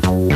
Thank you.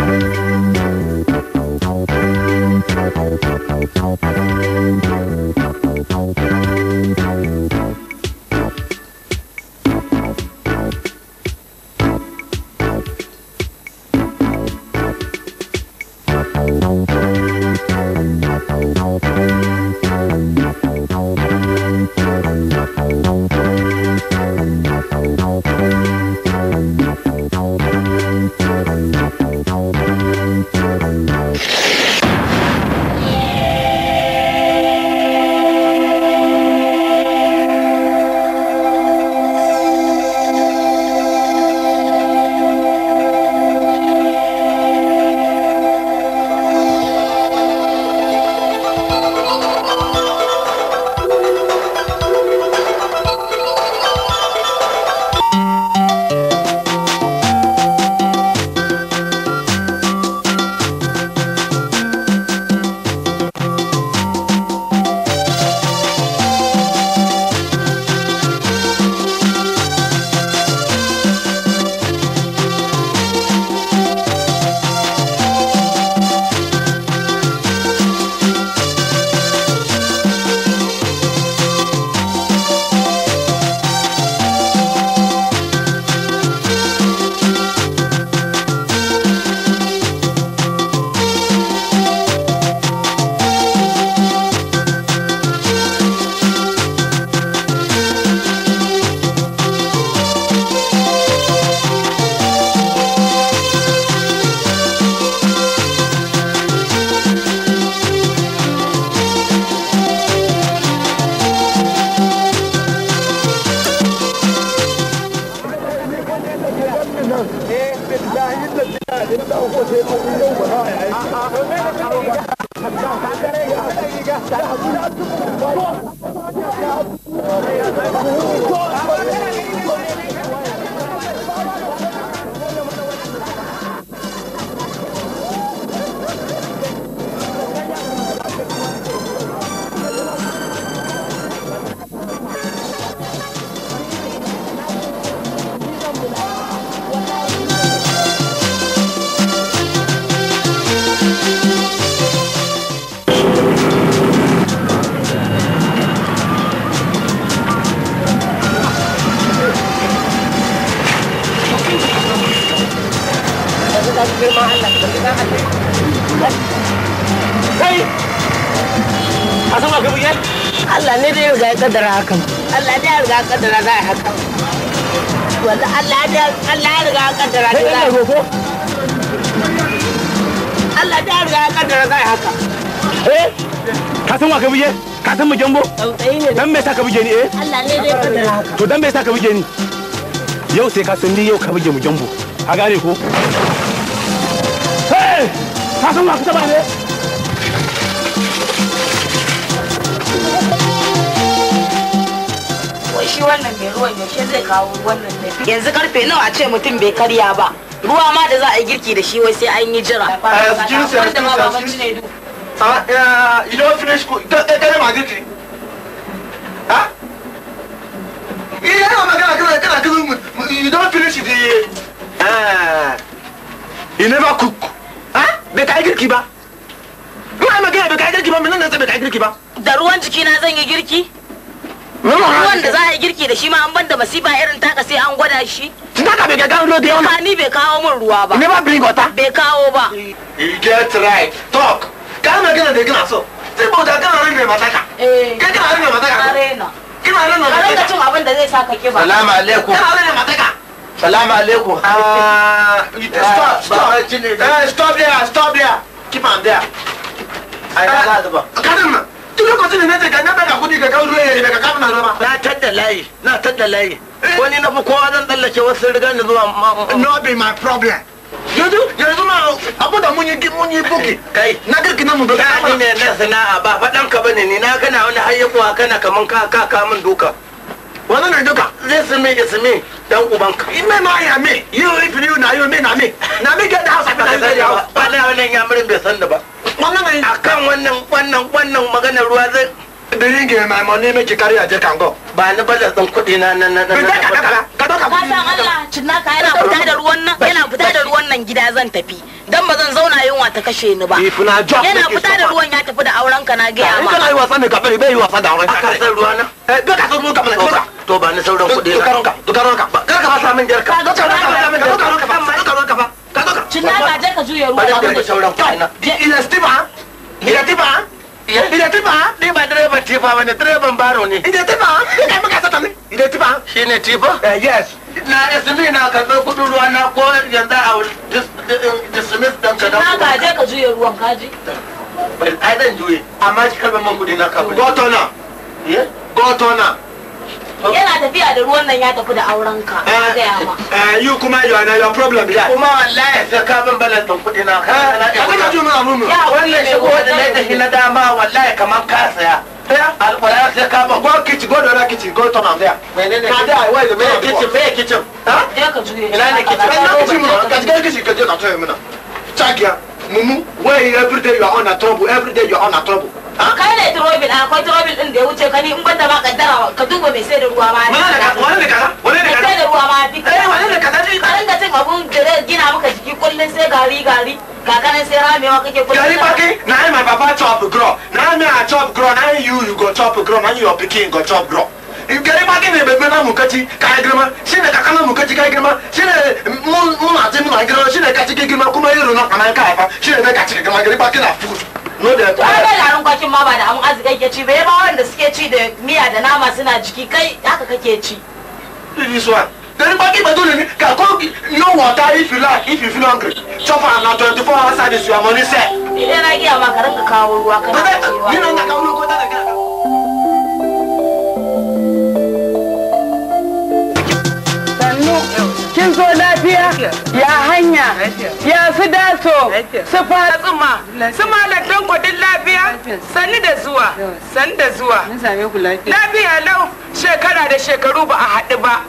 kaddara hakan Allah ya riga kadara za a haka wanda Allah ya Allah ya riga kadara za a hakan Allah ya riga kadara za a haka eh ka san wa ka buje ka san mu jambo dan me sa ka buje ni eh Allah ne dai kadara haka to dan me sa ka buje ni yau sai ka san ni yau ka buje mu jambo ka gane ko eh ka san wa ka ta ba ne shi wannan mai ruwan yaushe zai kawo wannan yanzu karfe nawa a ce mutum bai karya ba ruwa ma da za a yi girki da shi wai sai an yi jira eh, ah, eh, you don't finish cook girki ah eh, yana magana you never cook ah bai kai girki ba ruwa magana kai girki ba menene sai bai kai girki ba da ruwan jiki na zan yi girki ruwan da za a yi girki da shi ma an banda masifa irin taka sai an gwada shi taka bai gagan ruwa da yawa ni bai kawo min ruwa ba never bring water bai kawo ba you get right talk ka na gina da gina so sai bauta rin mai mataka eh gina rin mai mataka arena kina mai mataka ka rinka cin abin da zai saka kiba salamu alaikum kana mai mataka salamu alaikum ah, ah, stop stop eh, stop there stop there keep on there ai ah, ka da ba ka lokacin da na je gangan daga kudi ga kan ruwa daga kafin na roma na tadda layi na tadda layi eh. wani na fi kowa zan tsallake wasu rigar da zuwa no be my problem yanzu yanzu ma abu da mun yi mun yi buki kai na girki na mun ne na sana'a ba faɗan ka bane ni na kana wani hayyakuwa kana kaman ka ka ka min duka wannan nan duka zai sumi me dan uban ka ime ma ya me you if you na you me na me na me get the house ba sai ya ba na wannan ya murin bai san da ba wannan nan akan wannan wannan wannan maganar ruwa zai drinking my money make you carry a jack and go ba ni balas din kuɗi na nan nan nan ka ka Allah cinna ka yana fita da ruwan nan yana fita da ruwan nan gida zan tafi dan ba zan zauna yunwa ta kashe ni ba yana fita da ruwan ya tafi da auren ka na ga ya ma kana yi wasa ne ka kafin bai yi wasa da auren ka ka san ruwa na ga eh, ka san ruwan ka mana to ba ni sauran kuɗi na ka ka ka ka fasa min jarka ka ka fasa min jarka ka ka ka ka cinna ka je ka juya ruwa ka da sauran kuɗi na ila stima ila stima Ida tifa? Ni ba direban ba ne, direban baro ne. Ida tifa? Ina muka sata ne. Ida tifa? Shi ne tifa? Yes. Na ismi na karɓar kuɗin ruwa na ko yanzu a dismiss don ka Na ka je ka juye ruwan kaji. Ai zan juye, amma shi karɓar man kuɗi na kafin. Gotona. Gotona. yana tafiya da ruwan nan ya tafi da auren ka ah, gaya ma ah, you kuma you are your problem ya kuma wallahi sai ka ban balan tun kudi ah, na ka ka ji mun amu wannan shigo da lai da hina dama wallahi kamar ka saya alƙwara sai ka ban go kici go da kici go to mam there menene ka da wai me kici me kici ha ya ka juye ina ne kici ina kici mun ka ga kici ka je na to na chagia mumu where every day you are on a trouble every day you are on a trouble kai ne turobin ah, akwai turobin din da ya wuce ka ni in banda ma kaddara ka duba mai sai da ruwa ma wani ne kaza wani eh, ne kaza sai da ruwa ma duk eh wani ne kaza duk ka ringa cin abun da zai gina maka jiki kullun sai gari gari kakanin sai ramewa kake kullun gari ba kai na ai my papa chop grow na me a chop grow na you you go chop grow na your pikin go chop grow gari ba kai ne bebe na mukaci ka girma shine kakana mukaci ka girma shine ne mun na ji mun na girma ne ka ci girma kuma yaro na kana ka fa ne ka ci girma gari ba kai na ko da ta ai kwakin ma ba da abun arziki yake ci bai ba wanda suke ci da miya da nama suna jiki kai haka kake ci this a then baki ba ne ka ko no water if you like if you feel hungry chop am na 24 hours service your money ma ka rinka kawo kawo ruwa ko kin so lafiya ya hanya ya su daso su fara ma su malar kudin lafiya sani da zuwa sani da zuwa lafiya lau shekara da shekaru ba a haɗu ba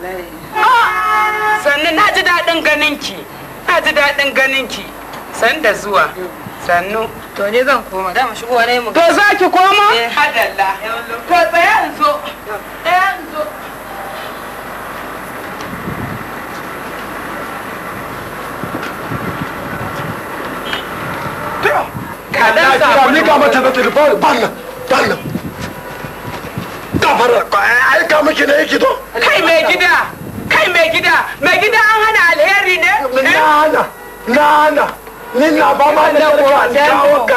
ah! sannu na ji daɗin ganinki na ji daɗin ganinki sani da zuwa sannu to ne zan koma dama shigowa ne mu to za ki koma? hadalla eh. to tsaya in zo ka dan samu ni ga mata ba ba kai gida kai gida gida an eh? na na ah, ni ma eh? da kuwa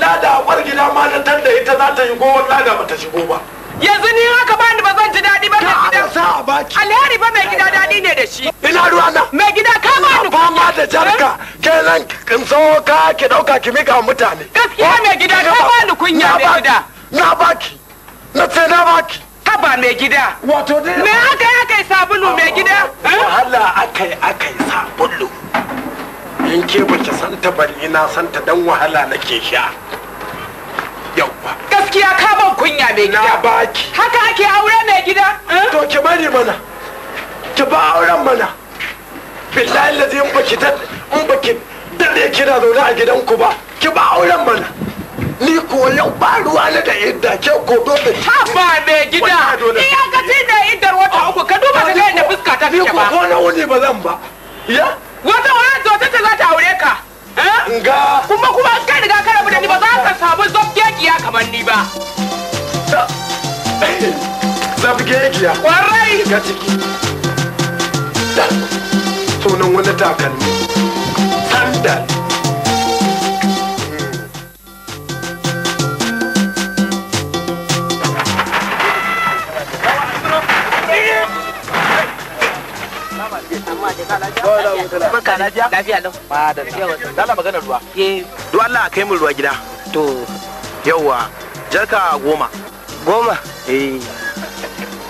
kawo gida ma na tanda ita za ta yi ko walla da bata shigo ba yanzu ni haka ba ni ba zan ji daɗi ba mai gida sa baki alheri ba mai gida daɗi ne da shi ina ruwa na mai gida ka ba ni ba ma da jarka ke nan kin so ka ki dauka ki mika mutane gaskiya mai gida ka ba ni kunya mai gida na baki na ce na baki ba mai gida wato dai me aka yi aka yi sabulu mai gida eh? wahala aka yi aka yi sabulu in ke bace santa bari na santa dan wahala nake sha yawwa gaskiya ka ban kunya mai gida na baki haka ake aure mai gida to eh? ki bari mana ki ba auren mana billahi lazi in baki ta in baki da dade kina zaune a gidanku ba ki ba auren mana ni ko yau ba ruwa na da idda ke ko dole ta ba mai gida iya ka ci da iddar wata ah. uku ka duba da kai yadda fuska ta fice ba ko na wuni ba zan ba ya wata wani zo ta za ta aure ka eh? Nga. Kuma kuma kai riga ka rabu da ni ba za ka samu zo jiya kwarai ga ciki dan sunan wani takalmi sandal lau. Duk Allah a kai min ruwa gida. To. Yawwa. Jarka goma. Goma? Eh.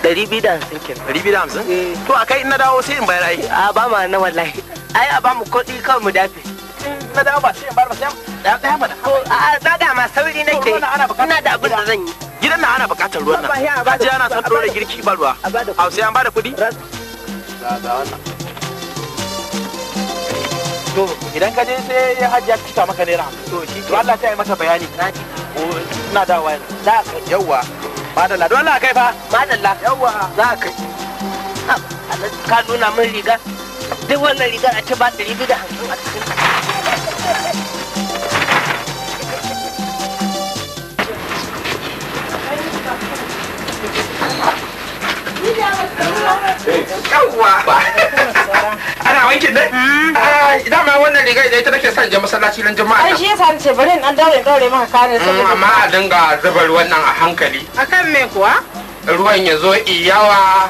ɗari biyu da hamsin kenan ɗari biyu da hamsin eh. to a kai na dawo sai in bayar ai a ba ma na wallahi ai a ba mu kuɗi kawai mu dafe na dawo ba sai in bayar ba sai da ɗaya ba da a ma sauri nake ina da abin da zan yi gidan na ana buƙatar ruwan nan kaji ana son ɗora girki ba ruwa a sai an ba da kuɗi to idan ka je sai ya hajiya ta cika maka naira hamsin to shi to Allah ta yi mata bayani na ji ina dawowa yanzu da madalla don Allah kai fa madalla yawa za ka ka nuna min riga duk wannan rigar a ce ba ɗari biyu da hamsin a cikin Yawa! ana wankin ne? Hmm. Ah, dama wannan riga idan ita nake son je masallaci ran jama'a. Ai shi yasa ce bari in an daure daure maka kare saboda. Hmm, amma a dinga zuba ruwan nan a hankali. Akan me kuwa? Ruwan ya zo iyawa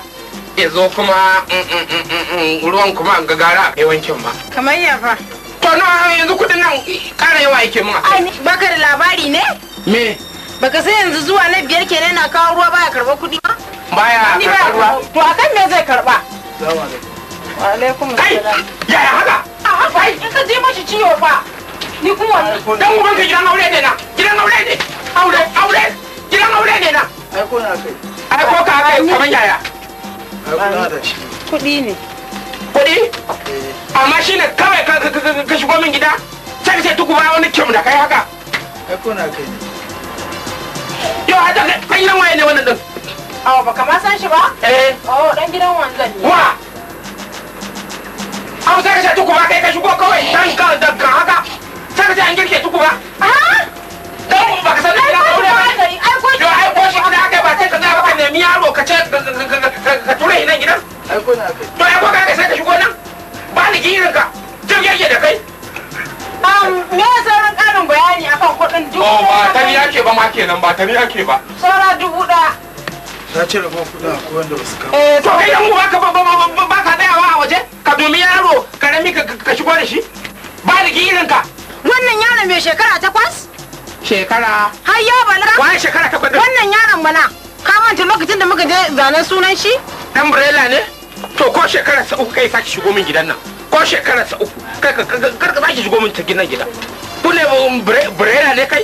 ya zo kuma mm, mm, mm, ruwan kuma ga gara a wankin ba. Kamar ya fa. To na yanzu kudin nan kara yawa yake mun. Ai baka da labari ne? Me? Baka sai yanzu zuwa na biyar kenan na kawo ruwa baya karɓar kuɗi ba? Baya karɓar ruwa. To akan me zai karɓa? Salamu alaikum. alaikum salam yaya haka a ah, haka in ka ji mashi ciwo fa ni kuma wani dan uban ka gidan aure ne na gidan aure ne aure aure gidan aure ne na ai ko na kai ko ka kai kaman yaya kuɗi ne kuɗi eh. amma shine kawai ka shigo min gida sai ka ce tuku ba wani kyam da kai haka ai ko na kai yo hada kai nan waye ne wannan din awa ba kamar san shi ba eh oh dan gidan wanzan ne wa abu sai ka ce tukuba kai ka shigo kawai dan ka daga haka sai ka ce an girke tukuba ah? don ba ka san da ina aure ba yo ai ko shi kuna aka ba sai ka tsaya ka nemi yaro ka ce ka tura nan gidan to ai ko ka sai ka shigo nan ba ni girin ka jin yake da kai me sauran karin bayani akan kuɗin dubu oh, ba tani ake ba ma kenan ba tani ake ba sora dubu ɗaya ta ce rabon kuɗin akwai wanda ba su kawo eh to kai yan uwa ka ba ka da tsayawa a waje ka domi yaro karami ka shigo da shi ba da irin ka wannan yaron mai shekara takwas shekara har ya bala wani shekara takwas wannan yaron bala ka manta lokacin da muka je zanen sunan shi umbrella ne to ko shekara sa uku kai sake shigo min gidan nan ko shekara sa uku kai ka sake shigo min ta gidan gida ku ne umbrella ne kai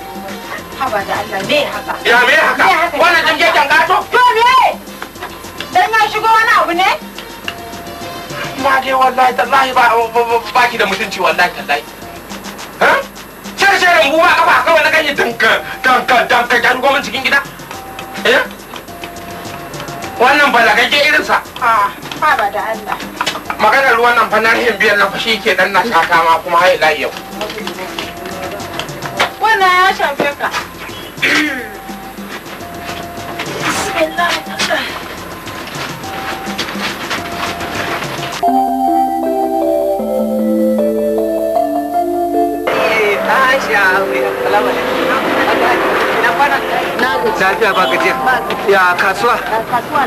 haba da Allah me haka ya me haka wannan jin keken gato to me dan ya shigo wani abu ne ma dai wallahi tallahi ba ba ki da mutunci wallahi tallahi ha sai sai ran buwa kafa kawai na ganye dinka danka danka ya shigo cikin gida eh wannan balagagge irinsa a ah, haba da Allah maganar ruwan nan fannar hin biyan nan fashi ke dan na shaka ma kuma haila yau. Wannan ya shafe ka. Naje ya kasuwa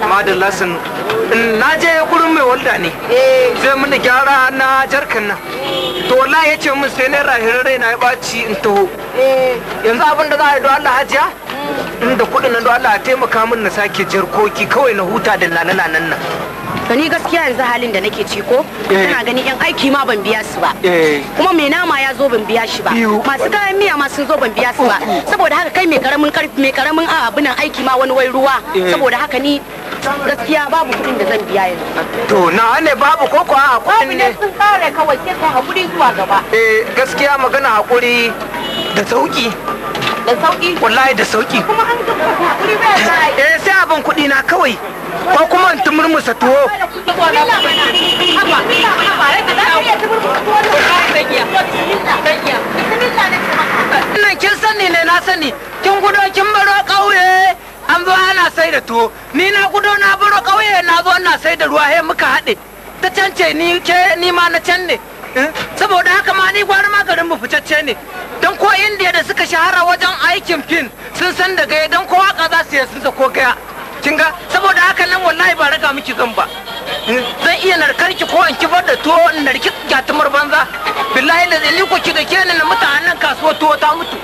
madalla sun na je gurin mai walda ne eh. zai mini gyara na jarkan nan to wallahi ya ce min sai naira hirar rai na baci in taho eh, yanzu abin da za a yi don Allah hajiya hmm. inda kuɗin nan don Allah a taimaka min na sake jarkoki kawai na huta da lalalanan nan to ni gaskiya yanzu halin da nake ci ko ina eh. gani yan aiki ma ban biya su ba eh. kuma mai nama ya zo ban biya shi ba masu kayan miya ma sun zo ban biya su ba saboda haka kai mai karamin karfi mai karamin abunan aiki ma wani wai ruwa saboda haka ni gaskiya babu kuɗin da zan biya yanzu to na ne babu ko ko a kuɗin ne babu ne sun tsare kawai ke ka hakuri zuwa gaba eh gaskiya magana hakuri da sauki da sauki wallahi da sauki kuma an ga hakuri ba eh sai abin kudi na kawai ko kuma in tumurmusa tuwo nan kin sani ne na sani kin gudo kin baro ƙauye an zo ana sai da tuwo ni na gudo na baro kauye na zo ana sai da ruwa he muka haɗe ta cance ni ke ni ma na can ne eh, saboda haka ma ni gwara ma garin mu fitacce ne don ko indiya da suka shahara wajen aikin fin sun san da gaya don waka za su sun sako gaya kin ga saboda haka nan wallahi ba raga miki zan ba zan iya narkar ki ko in kibar da tuwo in narki gatumar banza billahi da zali ko ki da ke nan mutanen kasuwa tuwo ta mutu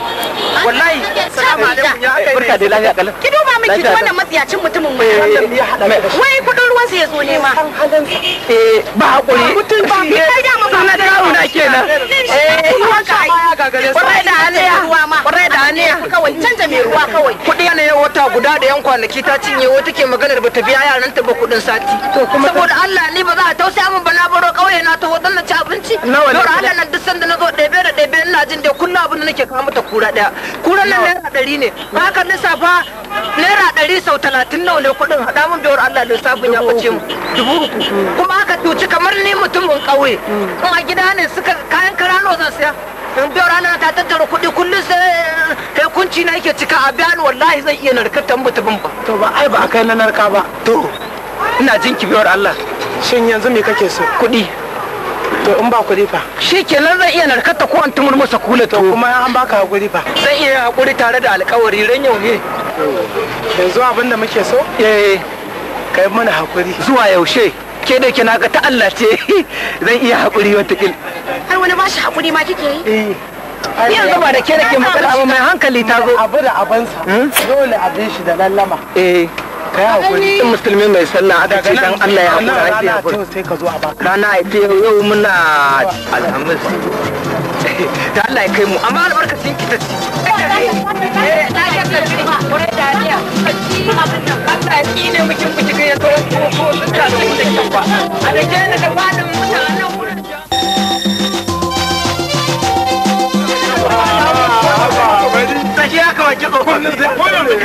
wallahi salamu alaikum ya kai barka da lafiya kallan ki duba miki wannan matsiyacin mutumin mu eh, wai kudin ruwan sa ya zo ne ma eh ba hakuri mutum ba ki kai da mu na dauna kenan eh haka ya gagare sai da haniya ruwa da haniya kawai canja mai ruwa kawai kudi ne wata guda da yan kwanaki ta cinye wai take maganar ba ta biya yaran ta ba kudin sati to kuma saboda Allah ni ba za a tausaya mun ba na baro kauye na taho dan na ci abinci nawa ne Allah nan duk sanda na zo ɗebe da ɗebe ina jin dai kullu abin da nake kawo mata kura daya kura nan naira ɗari ne ba haka lissafa naira ɗari sau talatin nawa ne kudin haɗa mun biyar Allah da lissafin ya ɓace mu dubu uku mm. kuma aka tuci kamar ni mutumin kauye mm. kuma a gida ne suka kayan kara zan siya in biyar rana ta tattara kuɗi kullum sai hanci na yake cika a biya wallahi zan iya narkar ta mutumin ba to ba ai ba a kai na narka ba to ina jin kibiyar Allah shin yanzu me kake so kuɗi to in ba kuɗi fa shi kenan zan iya narkar ta ko an tumur masa kula to kuma an baka hakuri fa zan iya hakuri tare da alƙawari ran yau ne yanzu abin da muke so eh kai mana hakuri zuwa yaushe ke da ke na ga ta Allah ce zan iya hakuri wata kil ai wani ba shi hakuri ma kike yi eh. ni yanzu ba da ke da ke matsala ba mai hankali ta zo abu da abansa dole shi da lallama eh kai hakuri musulmi mai sallah aka ce dan Allah ya hakura ai ya hakuri sai ka zo a baka rana ai ce yau muna alhamis da Allah ya kai mu amma albarkacin ki ta ci eh ta ga ya zo ko ko ta da mutum ba a da ke da fadin mutanen je ya kawai kitso kullum zai ko yanzu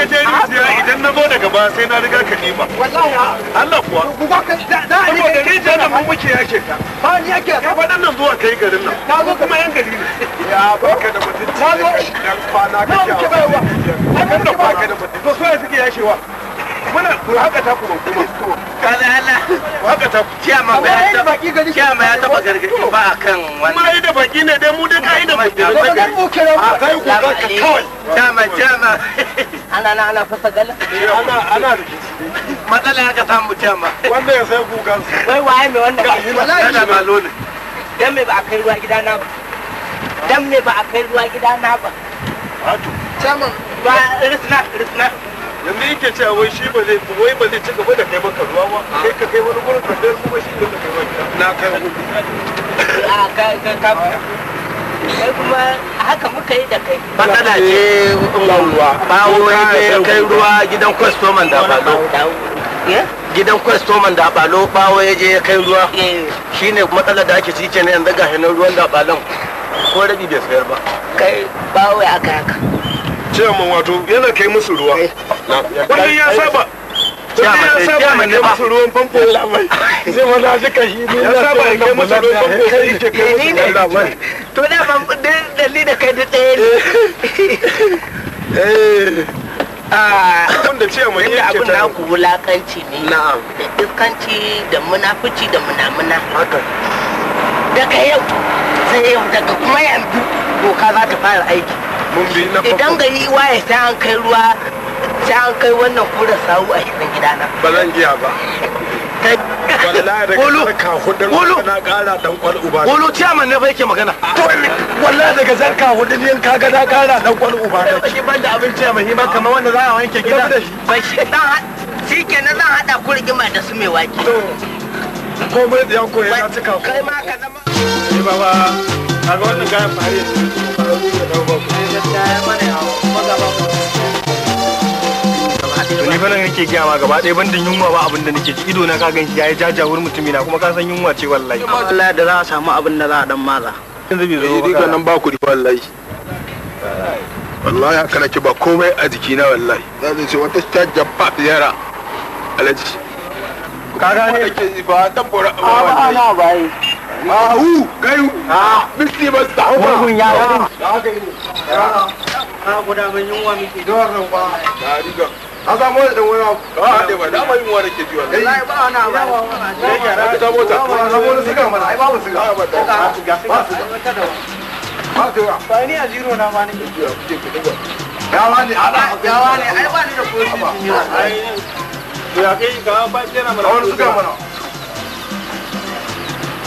idan na zo daga ba sai na riga ka nima wallahi Allah kuwa kuwa da ni da rijiya mu muke yake ta ba ni yake ka fadan nan zuwa kai garin nan na zo kuma yan gari ne ya baka da mutunci na zo dan kwana ka ya ba ka da da mutunci to so ya suke yashewa muna ku haka ta ku to kaza Allah haka ta ba ya taba kiyama ya taba gargadi ba akan wannan mai da baki ne dai mu da kai da baki da ku kira ku kai ku ka eh. kawai ana ana ana fasa gala eh, ana ana matsala haka ta mu kiyama wanda ya sai ku kan wai waye mai wallahi dan me ba a kai ruwa gidana ba dan me ba a kai ruwa ba wato ba risna risna yanzu yake cewa wai shi ba zai wai ba zai ci gaba da kai maka ruwa ba kai ka kai wani gurin dai kuma shi ka kai wani na kai wani a ka ka ka kai kuma haka muka yi da kai matsala ce ba ruwa ba wai kai ruwa gidan kwastoman da ba eh? gidan kwastoman da balo bawo ya je ya kai ruwa eh. shine matsala da ake cike ne yanzu ga hannun ruwan da balon ko rabi bai sayar ba kai bawo ya aka haka ciyaman wato yana kai musu ruwa wannan eh. ya saba ya saba mai kai ruwan famfo zai mana duka shi ne ya saba ya kai musu ruwan famfo kai ke kai musu ruwan to da ban dalli da kai da ɗaya ne eh. ah. abin ciyaman yake ta abin naku wulakanci ne na'am da iskanci da munafici da munamuna haka daga yau sai yau daga kuma yanzu doka za ta fara aiki idan gari ya ta an kai ruwa ta an kai wannan kura sawu a gida gidana ba zan giya ba wallahi daga sarka hudun na kara dan kwal uba wolo ne fa yake magana wallahi daga sarka hudun yan kaga na kara dan kwal uba da shi ban da abin ciyaman shi kama kamar wanda za a wanke gida ba shi dan shi na zan hada ku rigima da su mai wake komai da yanko ya cika kai ma ka zama ni baba kaga wannan gayan fare ni fa nan nake gaya ma gaba ɗaya da yunwa ba abin da nake ji ido na ka gan shi yayi jajawur mutumi na kuma ka san yunwa ce wallahi wallahi da za a samu abin da za a dan maza yanzu bai zo ba nan ba ku wallahi wallahi haka nake ba komai a jiki na wallahi za ta ce wata ta jabba yara alaji ka gane ba ta bora ba wallahi Ahu, gayu. Ah, misti basta. Ko kun ya. Da Ah, da wani abu. Ah, da ba da ba ana ba. ke ra ta mana. Ai Ba ta. Ba Ba Ba Ba ni a zero na ma ne. Ya Ya wani ai ba ni da Ai. Ya ka ba tana mana. mana.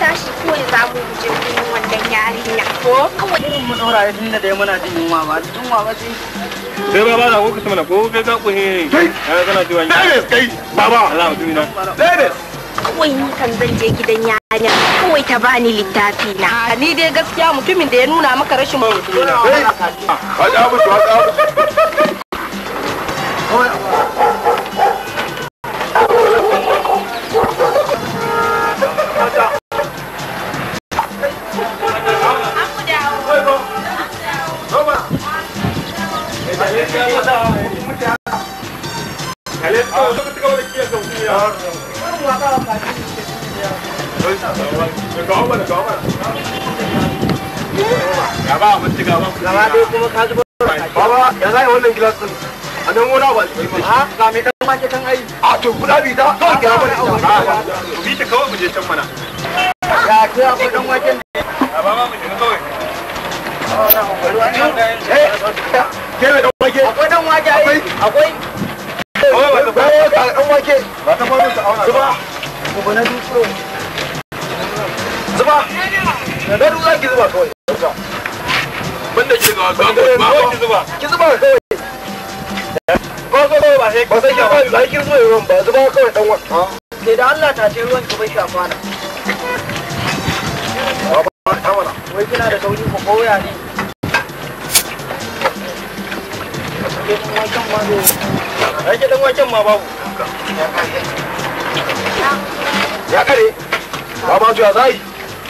tashi za mu ko kawai ya tunda dai muna jin yunwa ba sai ba ba da ko mana ko kai ka kuhe kai kana kai baba Allah na kawai ni kan zan je gidan yarinya kawai ta bani littafi na ni dai gaskiya mutumin da ya nuna maka rashin gaba dai zuba wannan gilas din a nan wani ba shi ba ga me wake kan a to kuda bi ta ta to bi ya ke a kudin waken ne a baba mu je kawai Kewe dan wake. dan wake ai. Akwai. Kawai ba ta kawai ka dan wake. Ba ta fara ta auna. Zuba. Zuba na dutse. Zuba. zuba banda ke ga wasu ba ki zuba ki zuba kawai ba zo ba sai ba sai ki ba ki zuba ruwan ba zuba kawai dan wani ke da Allah ta ce ruwan ki bai sha kwana wai kina da sauri ko koya ne ke dan waken ma zo ai ke dan waken ma babu ya kare ba ma zuwa zai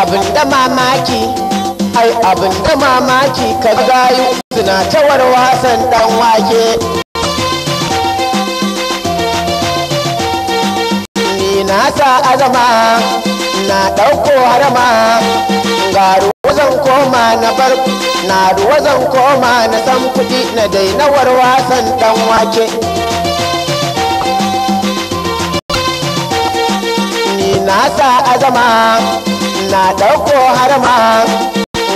abin da mamaki ai abin da mamaki ka gayu suna ta wasan dan wake ni na sa azama na ɗauko harama ga ruwa zan koma na bar na ruwa zan koma na san kuɗi na dainawar wasan dan wake ni na sa azama na ɗauko har ma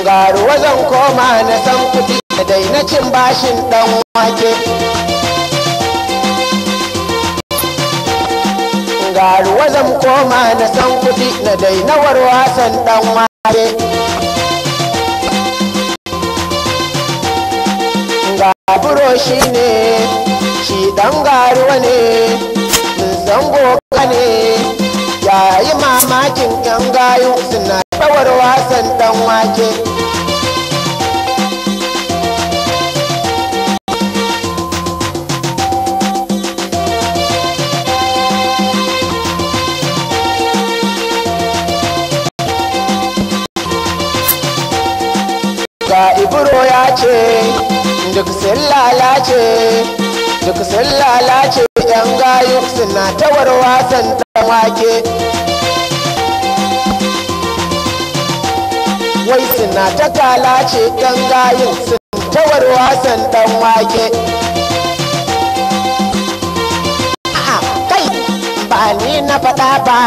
garuwa zan koma na san kuɗi da daina cin bashin ɗan wake garuwa zan koma na san kuɗi na daina warwasan ɗan wake gaburo shi ne shi ɗan garuwa ne zango ka ne yayi mamakin yan gayu suna tsawar wasan dan wake ga ibro ya ce duk sun lalace duk sun lalace yan gayu suna ta warwasan tamake wai suna ta kalace yan gayu sun ta warwasan tamake kai ba ni na faɗa ba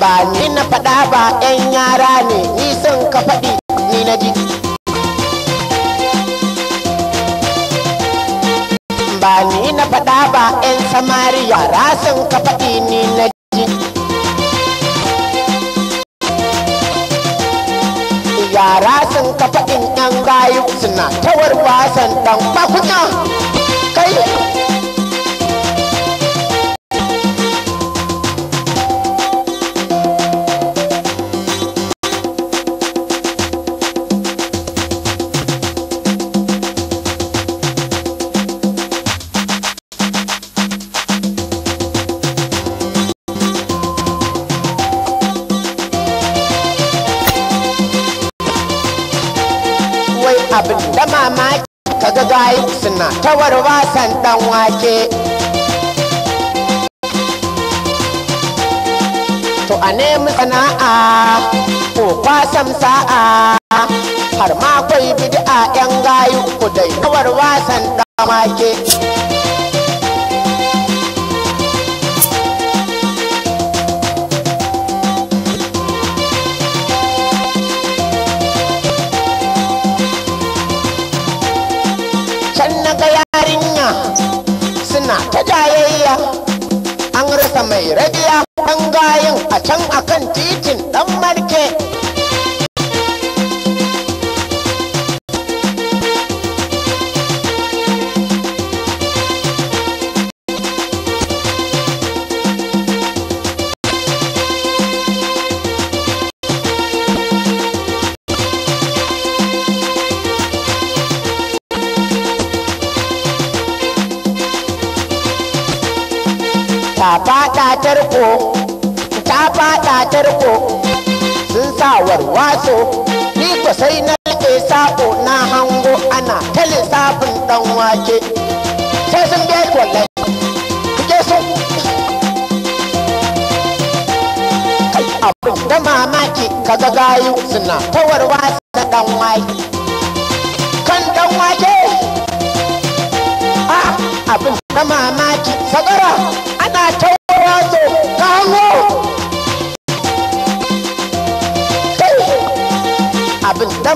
ba ni na faɗa ba yan yara ne ni sun ka faɗi ni na ji ba ni na faɗa ba 'yan samari yara sun ka faɗi ni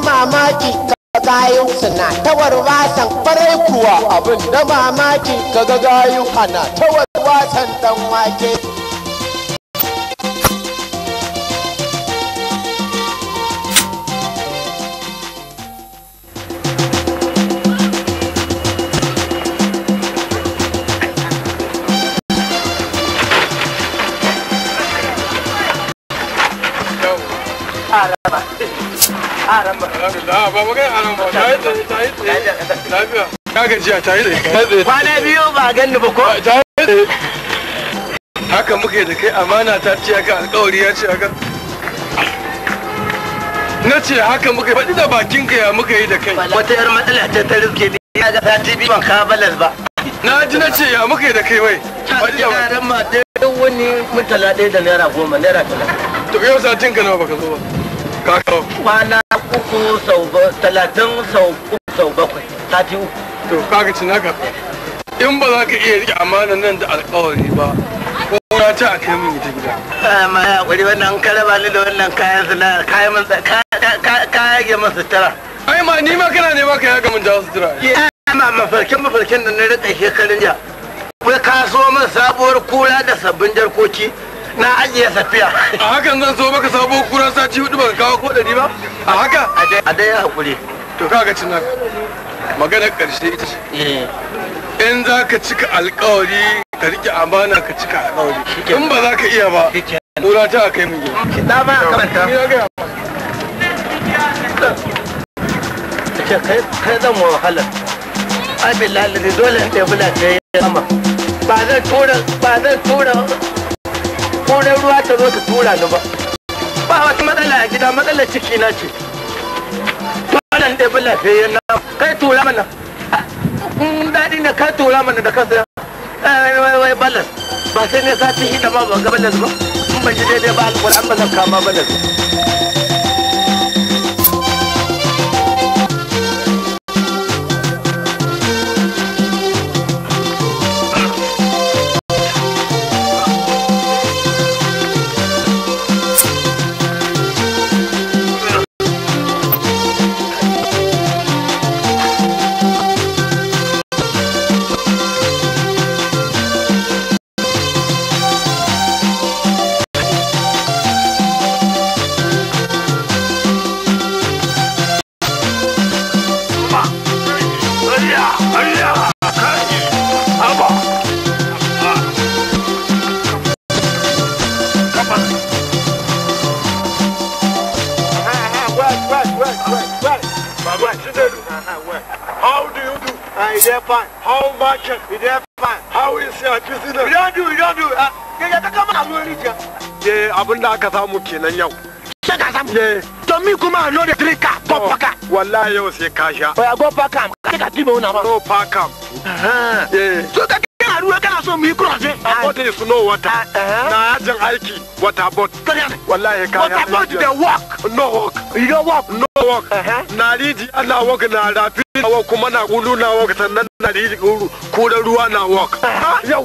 mamaki kaga gayu suna ta warwasan farai kuwa abin da mamaki kaga gayu ana ta warwasan dan wake Ah, a ta yi ta yi gajiya ta yi ba ba ko ta yi haka muke da kai amana ta ce haka alkawari ya ce haka na ce haka muke. faɗi da bakin ka ya muka yi da kai wata yar matsala ta ta riske ne ya ga sati biyu ban kabalas ba na ji na ce ya muka yi da kai wai faɗi da bakin ma dai wani mutala ɗaya da naira goma naira talatin to yau satin ka nawa baka zo ba kwana uku sau talatin sau uku sau bakwai sati uku to kaga ci na gaba in ba za ka iya riƙe amanan nan da alƙawari ba ko na ci a kai min ita gida ma ya kuri wannan kalaba ni da wannan kayan suna kayan mun kayage mun sutura ai ma ni ma kana nema ka ga mun jawo sutura ya ma mafarkin mafarkin da na rika shekarun ja wai ka so min sabuwar kura da sabbin jarkoki na ajiye safiya a hakan zan so maka sabo kuran sati hudu baka kawo ko dari ba a haka a dai ya hakuri to kaga cin nan magana karshe ita ce eh. in za ka cika alkawari ka rike amana ka cika alkawari in ba za ka iya ba mura ta a kai mun gida da ba karanta ke kai zan mu wahalar ai billahi dole in ɗaya bula ta yi sama ba zan tura ba zan tura koren ruwa ta zo ta tura ni ba ba wata matsala a gida matsalar ciki na ce wannan da bi lafiya na kai tura mana mm, daɗi ne kai tura mana da kansa eh, wai balas ba sai ne sati hida ba ba ga balas ba in ban ji daidai ba alƙur'an an zan kama balas aka samu kenan yau ka samu eh. to mi kuma no da drink ka go oh, pack am wallahi yau sai ka sha oya go pack am ka ka dibe una ma go pack Eh. To ka kana ruwa kana so mi cross eh a bot is no water ah, eh. na ajin aiki water bot wallahi ka water bot dey work? no work. you go work. no walk na riji Allah work na rafi walk kuma na gulu na work sannan na riji ko kura ruwa na walk yau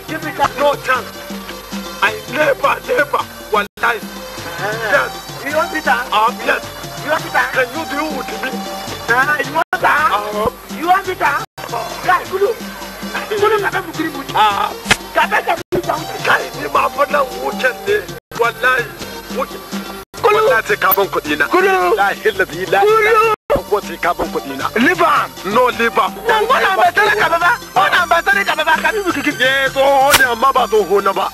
give me that no chance. I never, never will life. Ah. Yes. You want Peter? Ah? Um, yes. You want Peter? Ah? Can you deal with me? Uh, you want Peter? Uh, um. you want Peter? Guy, Kulu. Kulu, kabe bukiri buji. Ah. Kabe kabe buji. Guy, ni ma fana wuce ne. Wallahi. Wuce. na ce kuɗi na kulu lahi la kulu ko sai ka kuɗi na liba no liba dan gona ba tare ka ba wannan ba tare ka ba ka bi biki o tsoho a ma ba tsoho na ba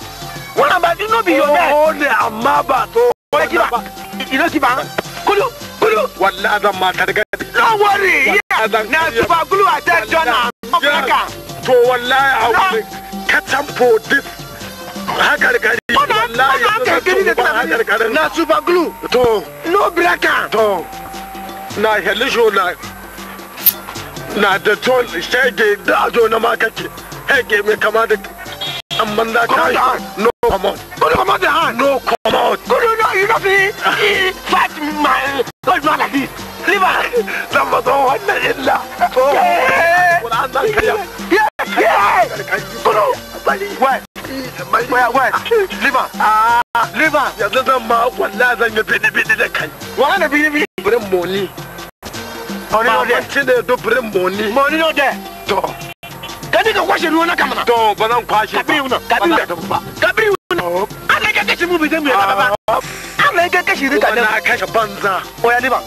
wannan ba dino biyo ne tsoho ne amma ba tsoho na ba ina ki ba kulu kulu wallahi zan ma karga don't worry na tuba kulu a ta jona mafaka to wallahi a will cut them for hakarkari wallahi hakarkari da kana hakarkarin na super glue to no braka to na helisho na na da tol shege da azo na ma kake hege mai kama da amma na ka no come out go come out the hand no come out go no no you no be fight my god man like this riba lamba don wannan illa to wala an dan kaya yeah yeah go no bali why Liver. Liver. lima lima yanzu zan ma wallahi zan yi bini bini da kai wani bini bini birin moni moni no de ci da do birin moni moni no de to ka dinga kwashe ruwa na kamana to ba zan kwashe ka biyu na ka biyu ba ka biyu na Allah ya kashe mu bi zan mu ya ba Allah ya kashe rika da na kashe banza oya lima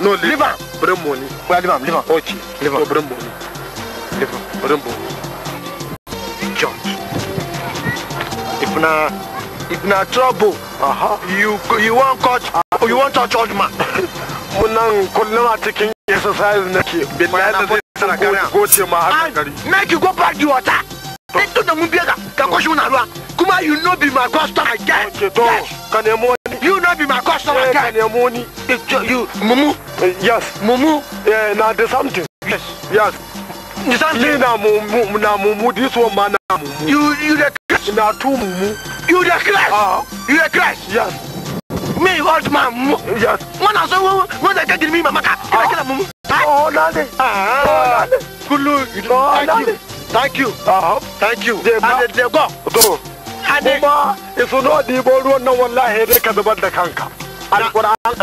no lima birin moni oya lima lima okay lima birin moni lima birin moni if na if na trouble uh -huh. you you wan cut uh, you wan touch old man munan kullum a cikin exercise nake billahi da zai san goce ma har gari make you go back the water in to da mun biya ka ka kwashi mun ruwa kuma you no be my customer again okay to ka nemo you no be my customer again eh, ka nemo eh, mumu eh, yes mumu na the something yes yes ni na mumu na mumu this one man na mumu. you you dey crash. na two mumu. you dey crash. Uh, you dey crash. yes. me old man mumu. yes. wọn na so wọn wọn dey kegiri mi mama ka. Ah. kila kila mumu. ọ nade. ọ nade. kulu ọ nade. thank you. Uh -huh. thank you. dey go. dey go. go. kuma isuno dibo ruwan nan wallahi dai ka zubar da kanka. alƙur'an.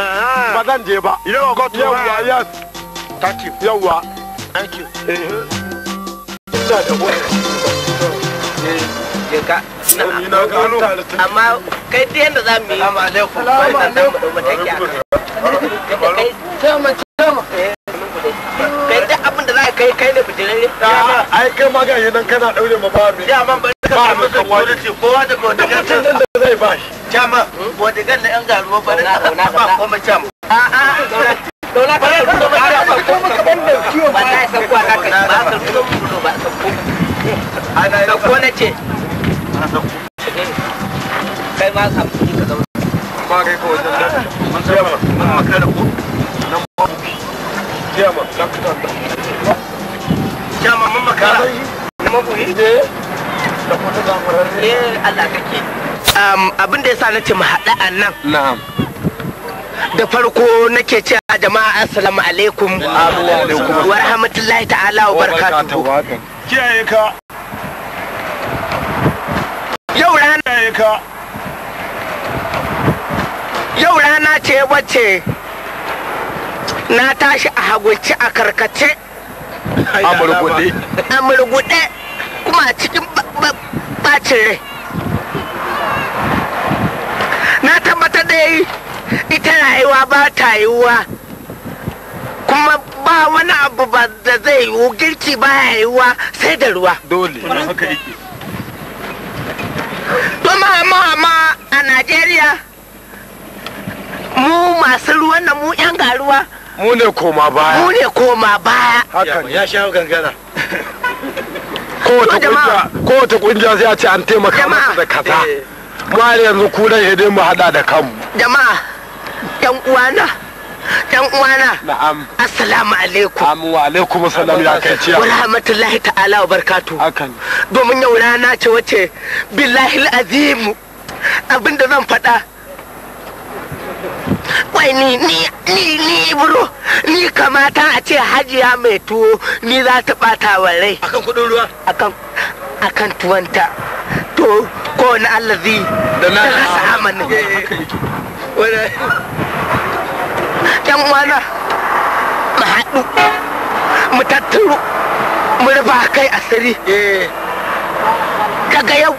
ba zan je ba. yau ga tuwa. yawwa yes. thank you. yawwa. Thank you. da eh, wani. Eh, eh, amma kai ta yadda za mu yi. kai kai bijirai ah, ai kai ma ga yanan kana daure ma ba mi ya ka ba ka wani ce kowa da kowa da kan da zai ba shi jama hmm? na yan garuwa bari na ba jama a a dauna ka san kudu ka ka ka ko na ce kai ka ko mu haɗa a nan na'am da farko nake ce a jama'a assalamu alaikum wa rahmatullahi ta'ala wa barakatuhu kiyaye ka yau rana ka yau rana ce wacce na tashi a hagulci a karkace a murgude kuma a cikin bacin rai na tabbatar da yi ita rayuwa ba ta yiwuwa kuma ba wani abu ba da zai yiwu girki ba ya yiwuwa sai da ruwa dole haka yake kuma ma a najeriya mu masu ruwa na mu yan garuwa mu ne koma baya mu ne koma baya haka ya sha gangana kowace kungiya sai a ce an taimaka masa da kaza mu yanzu kudan hidin mu hada da kanmu jama'a yan uwana yan uwana na'am assalamu alaikum amu wa alaikum assalam ya kai ciya wa rahmatullahi ta'ala wa barkatu hakan domin yau rana ce wace billahi alazim abinda zan faɗa wai ni ni ni ni bro ni kamata a ce hajiya mai tuwo ni za ta bata wa rai akan kudin ruwa akan akan tuwanta to ko na allazi da na amana eh, amanin yan uwana mu haɗu mu tattaro mu rufa kai asiri eh. daga yau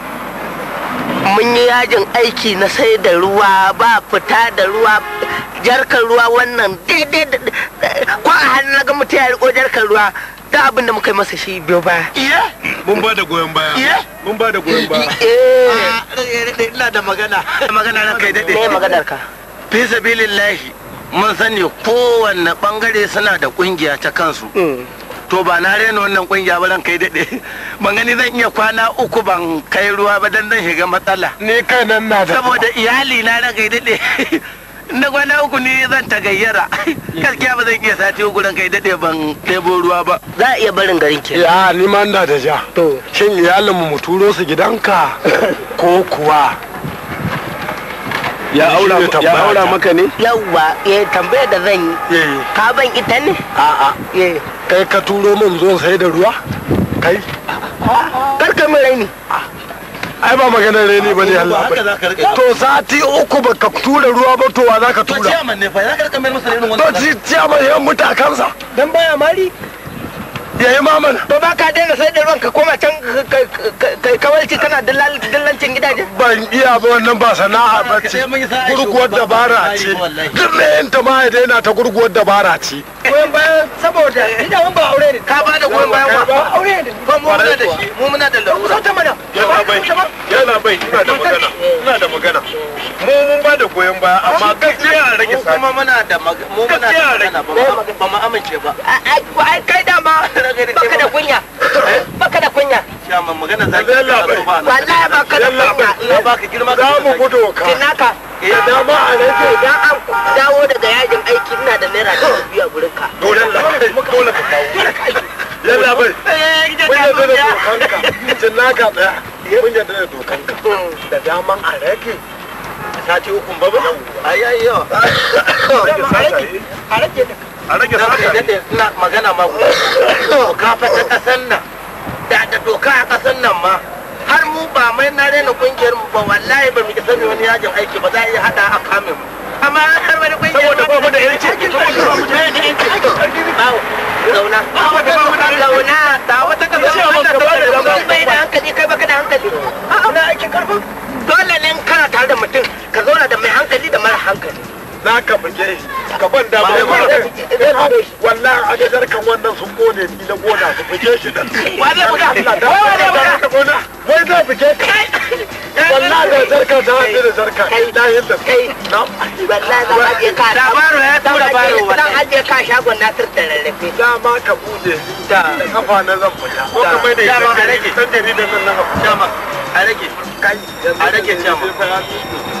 mun yi yajin aiki na sai da ruwa ba fita da ruwa jarkar ruwa wannan daidai da ko a hannu ga mutum ya riko jarkar ruwa ta abin da muka yi masa shi biyo baya. Iya? Mun ba da goyon baya. Iya? Mun ba da goyon baya. Eh. Ah, ina da magana. Magana na kai daɗe. Ne maganar ka? Fi sabilillahi. mun sani kowanne bangare suna da kungiya ta kansu mm. to ba na rena wannan kungiya ba kai daɗe ban gani zan iya kwana uku ban kai ruwa ba dan zan shiga matsala ni kai nan na da saboda iyali na ran kai daɗe na kwana uku ne zan ta gayyara gaskiya ba zan iya sati uku ran kai daɗe ban ɗebo ruwa ba za a iya barin garin ke ya ni ma da ja to shin iyalin mu turo su gidanka ko kuwa ya aura ya aura maka ne yawa eh tambaya da zan yi eh. ka ban ita ne a a eh kai ka turo min zo sai da ruwa kai karka mai raini ai ba magana reni ba ne Allah to sati uku ba ka tura ruwa ba to wa zaka tura to ciyaman ne fa ya karka mai masa renin wannan to ciyaman ya muta kansa dan baya mari ya yi maman to ba ka daina sai ruwan ka koma can kai kawalci kana dillancin gidaje ban iya ba wannan ba sana'a ba ce gurguwar dabara ce duk na yin ta ma ya daina ta gurguwar dabara ce goyon bayan saboda ina wani ba aure ne ka ba da goyon bayan ba aure ne ba mu muna da shi mu muna da larura sauta mana yana bai yana bai ina da magana ina da magana mu mun ba da goyon baya amma gaskiya a rage sa kuma muna da mu muna da magana ba mu amince ba ai kai ma. Eh? baka da kunya baka da kunya ka wallahi baka da kunya ya za mu gudu ka tinaka da ma a rage da an dawo daga yajin aiki ina da naira da biya gurin ka dole dole ka dawo yalla bai eh, tinaka daya hmm. da daman a hukun babu a a da a rage sata da ina magana ma doka fa ta kasan nan da da doka a kasan nan ma har mu ba mai na rena kungiyar mu ba wallahi ba mu ki sani wani yajin aiki ba za a iya hada a kame mu amma har wani kungiyar saboda ba mu da yanci zauna zauna da wata kasa wata zauna bai da hankali kai baka da hankali a'a na aikin karfin dole ne kana tare da mutum ka zauna da mai hankali da mara hankali na ka buge shi ka ban da mai mara wallahi a ga jarkan wannan sun gone ni na gona su buge shi dan wa zai buga wai zai buga wai zai buge ka wallahi da jarkan da hadu da jarkan da yadda kai na wallahi da aje ka da baro ya tura baro wallahi dan aje ka shagon na tur da rarrafe da ma ka bude da kafa na zan fita ko ka mai da da san da ni da nan na hafu da a rage kai a rage jama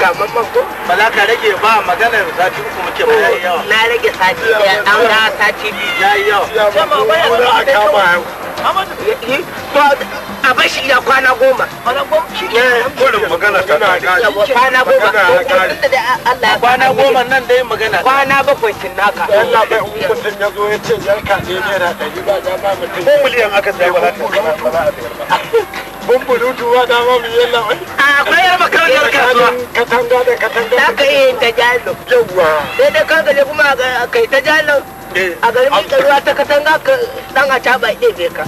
kamar man ko ba ka rage ba maganar sati uku muke ba yau na rage sati daya an ga sati biyu a kama yau eh, eh, a bar shi ya kwana goma kwana goma shi magana ta kwana goma kwana goma nan dai magana kwana bakwai tun naka Allah bai in mutum ya zo ya ce yanka ne naira ɗari ba dama mutum ko miliyan aka sai ba za ta ba za a bumburutu ba da ma mu yi labai akwai yar makariyar kasuwa katanga da katanga da ka yi ta jalo yawwa sai da ka gaje kuma ka yi ta jalo a garin da ruwa ta katanga ka dan a taba ɗebe ka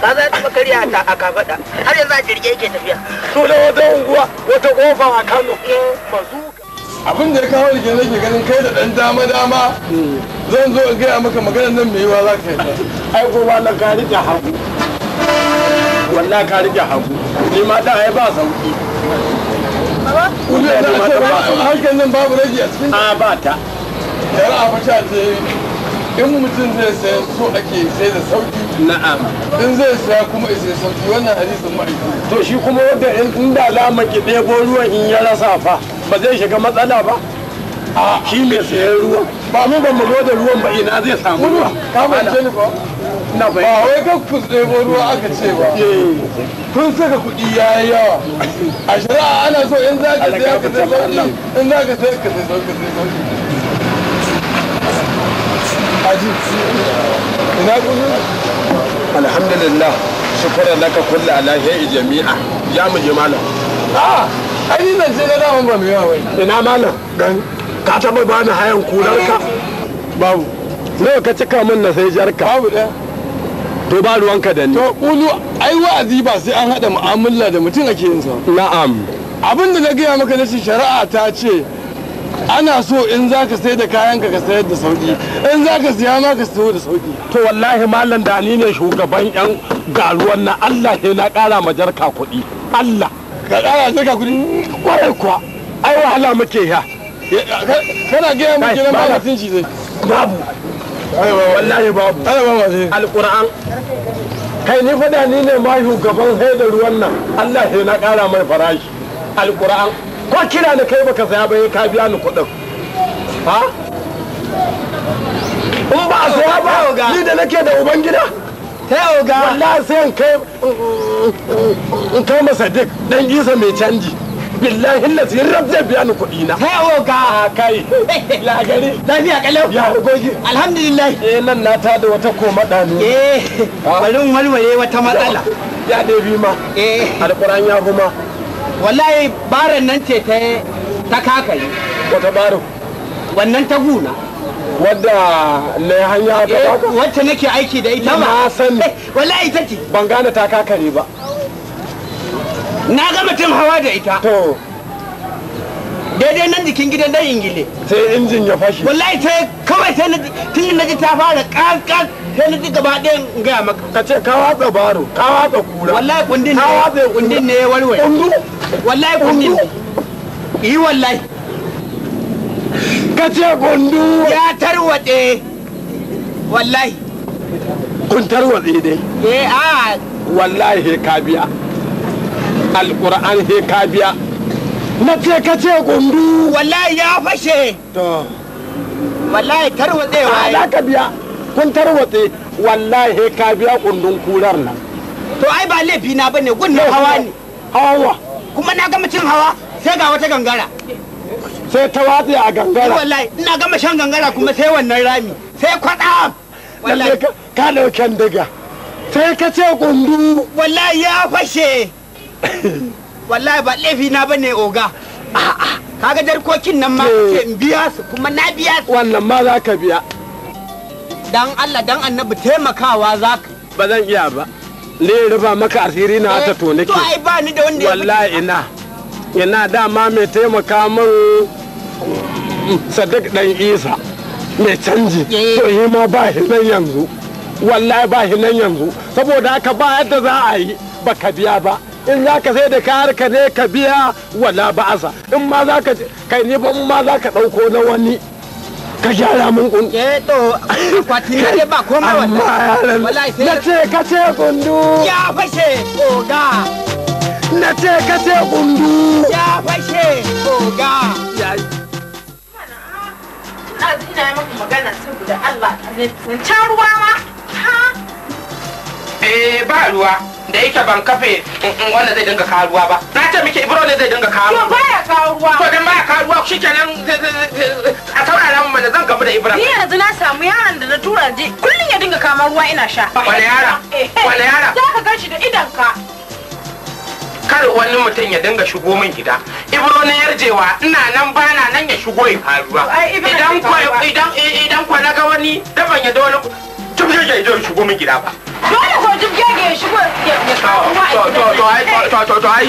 ka za ta makariya ta a kafaɗa har yanzu a jirge yake tafiya so da wata unguwa wata kofa a kano eh. abin da ya kawo da nake ganin kai da ɗan dama dama hmm. zan zo in gaya maka maganar nan mai yiwa za ka yi ai gobe na gari da hagu wallahi ka rike hagu ni ma da ai ba sauki hakan nan babu rage a cikin a ba ta yar abuja ce in mutum zai saya so ake sai da sauki na'am in zai saya kuma sai sauki wannan hadisin ma'aikata to shi kuma wanda in da lama ki ɗebo ruwan in ya rasa fa ba zai shiga matsala ba shi mai sayan ruwa ba mu ba mu zo da ruwan ba ina zai samu ruwa ka ba ba wai kan ku tsebo ruwa aka ce ba eh. kun saka kuɗi ya yi yawa a shari'a ana so in za ka saya ka sai sauki in za ka sai ka sai sauki sai ina kuma alhamdulillah shukura laka kulla alahi jami'a ya mu malam a ai zan ce na daman ba mu yawa wai ina malam dan ka taba bani hayan kuranka babu nawa ka cika min na sai jarka babu ɗaya to ba ruwanka da ni to kulu ai wa'azi ba sai an hada mu'amala da mutum ake yin sa na'am abin da na gaya maka na shi shari'a ta ce ana so in za ka sai da kayan ka ka sayar da sauki in za ka siya ma ka siyo da sauki to wallahi malam da ni ne shugaban yan garuwan na Allah sai na kara ma jarka kuɗi Allah ka kara jarka kuɗi kwarai kuwa ai wahala muke ya kana gaya maka gidan malatin shi sai babu wallahi babu alƙur'an kai ni fada ni ne ma shugaban haidar wannan Allah sai na ƙara mai farashi alƙur'an ko kira ni kai baka saya ba ka biya ni kuɗin ha in ba a saya ba ni da nake da ubangida ta yau ga wallahi sai in kai in kai masa dik dan isa mai canji billahi na zai rab zai biya ni kuɗi na. Ah, kai ga Kai. Lagari. Lafiya kalau. Ya gogi. Alhamdulillah. Eh nan na ta da wata koma ɗanu. Eh. Ah. Bari mu walwale wata matsala. Ya bi ma. Eh. Alƙur'an ya kuma. Wallahi baran nan ce ta ta kakai. Wata baro. Wannan ta guna. Wadda na hanya ta eh, kakai. Wacce nake aiki da ita ma. Na sani. Eh, wallahi ita ce. Ban gane ta kakare ba. na ga mutum hawa da ita to daidai nan jikin gidan dan ingile sai injin ya fashi wallahi sai kawai sai tun da naji ta fara kakak sai na ji gaba ɗayan in gaya maka ka ce ka watsa baro ka watsa kura wallahi kundin ne ka watsa kundin ne warware kundu wallahi kundin yi wallahi ka ce kundu ya tarwatse wallahi kun tarwatse dai eh a ah. wallahi ka biya alkur'an he ka biya na ce ka ce gundu wallahi ya fashe to wallahi tarwatsewa ya ka biya kun tarwatse wallahi he ka biya gundun kular nan to ai ba laifi na bane gundun hawa ne hawa kuma na gama cin hawa sai ga wata gangara sai ta watsi a gangara wallahi ina gama shan gangara kuma sai wannan rami sai kwada wallahi ka dauken daga sai ka ce gundu wallahi ya fashe wallahi ba laifi na bane oga kaga jarkokin nan ma eh. ce in biya su kuma na biya su wannan ma za ka biya dan Allah dan annabi taimakawa za ka ba zan iya ba ne rufa maka asiri na eh, ta to nake to ai ba ni da wanda wallahi ina ina dama mai taimaka min sadik dan isa mai canji eh. to yi ma ba shi nan yanzu wallahi ba shi nan yanzu saboda haka ba yadda za a yi baka biya ba in za ka sai da kayar ka ne ka biya wala ba'asa in ma za ka kai ne ba ma za ka ɗauko na wani ka gyara mun kun ke eh, to akwati ne ba komai wallahi na ce ka ce gundu ya fashe oga na ce ka ce gundu ya fashe oga na zina magana saboda Allah ne ruwa ma ha eh ba ruwa da yake ban kafe wanda zai dinga kawo ruwa ba na ce miki ibro ne zai dinga kawo ruwa baya kawo ruwa to dan baya kawo ruwa shikenan eh, eh, eh, a saurara mun mana zan gamu da ibro ni yanzu na samu yaran da na tura je kullun ya dinga kama ruwa ina sha wala yara wala yara za ka ganshi da idan ka kar wani mutum ya dinga shigo min gida ibro na yarjewa ina nan bana nan ya shigo ya faruwa idan kwa idan idan kwa na ga wani daban ya dole tun ya shigo min gida ba dole ko duk gege ya shigo ya ruwa a gidan to to to to ai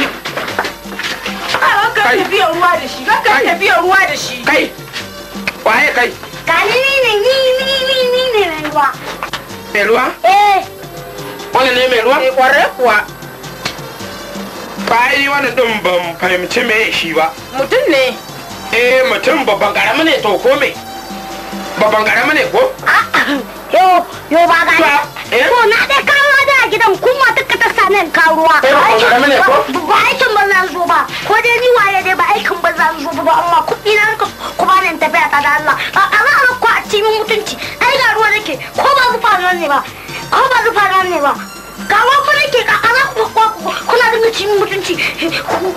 kai tafiya ruwa da shi kai tafiya ruwa da shi kai waye kai ka ni ne ni ni ni ni ne ruwa mai ruwa eh wannan ne mai ruwa eh kware kuwa bayi wani din ban fahimci me shi ba mutum ne eh mutum babban karami ne to ko me babban ko Yo, yo ba gane. Eh? To na dai kawo da gidan kuma duka ta sanin karuwa. Eh, ba aikin ba zan zo ba. Ko dai ni waye dai ba aikin ba zan zo ba amma kuɗi na rika kuma nan tafiya ta da Allah. A za a ko a cikin mutunci. Ai ga ruwa nake ko ba zufa nan ne ba. Ko ba zufa nan ne ba. Ga wafu nake ka ana kuna dinga cikin mutunci.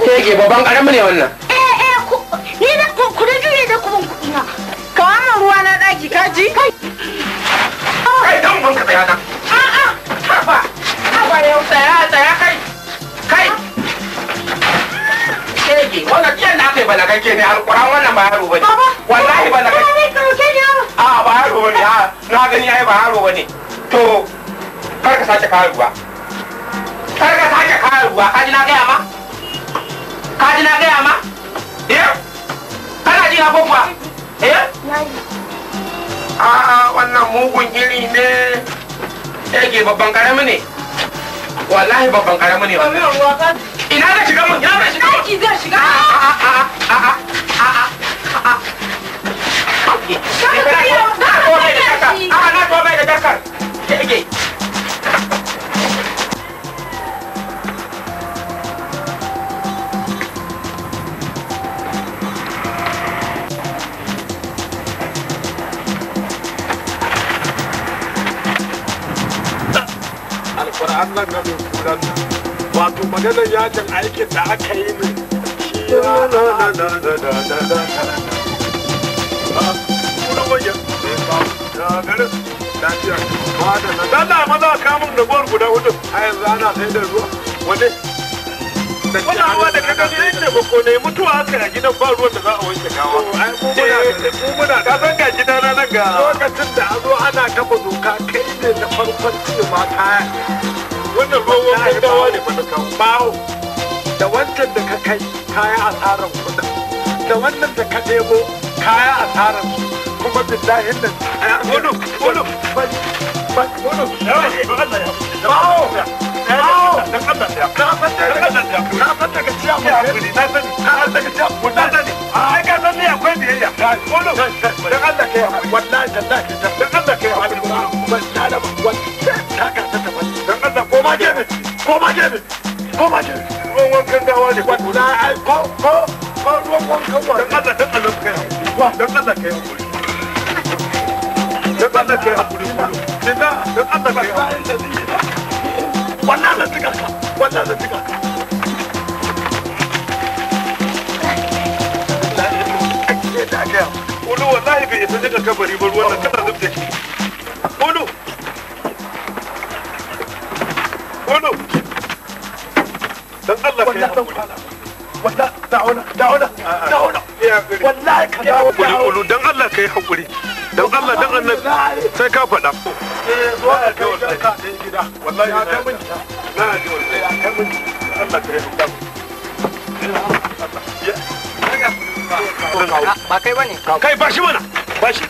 Ke ke babban ƙaramin ne wannan. Eh eh ku ni da ku da juye da kuma kuɗi na. kawo min ruwa na ɗaki ka ji kai dan mun ka tsaya nan a'a haba haba yau tsaya tsaya kai kai shege wannan kiyan da aka yi balagagge ne har kuran wannan ba yaro bane wallahi balagagge a ba yaro bane na gani yayi ba yaro bane to kar ka sace kawo ruwa kar ka sace kawo ruwa kaji na gaya ma kaji na gaya ma eh kana ji na bokwa eh a'a wannan mugun iri ne yake babban karami ne wallahi babban karami ne ina da shiga mun ina da shiga guda hudu a yanzu ana sai da ruwa wani. wannan da ka gani yake ba ko ne mutuwa aka a gidan ba ruwan da za a wanke gawa mu muna eh, ka san ga ranar ga lokacin da a zo ana kafa doka kai ne na farkon cewa kaya wannan ruwan wankan gawa ne fa da kawo bawo da wancan da ka kai kaya asarar kuɗin da wannan da ka debo kaya asarar su kuma billahi nan gudu gudu gudu Don't let that go. kabari ba ruwan nan kana zub da shi dan Allah ka yi ka dawo dan Allah kai hakuri dan Allah dan sai ka faɗa eh zo ka kai ka gida wallahi ya kai na ji wallahi ya kai Allah hakuri ba kai kai ba shi mana ba shi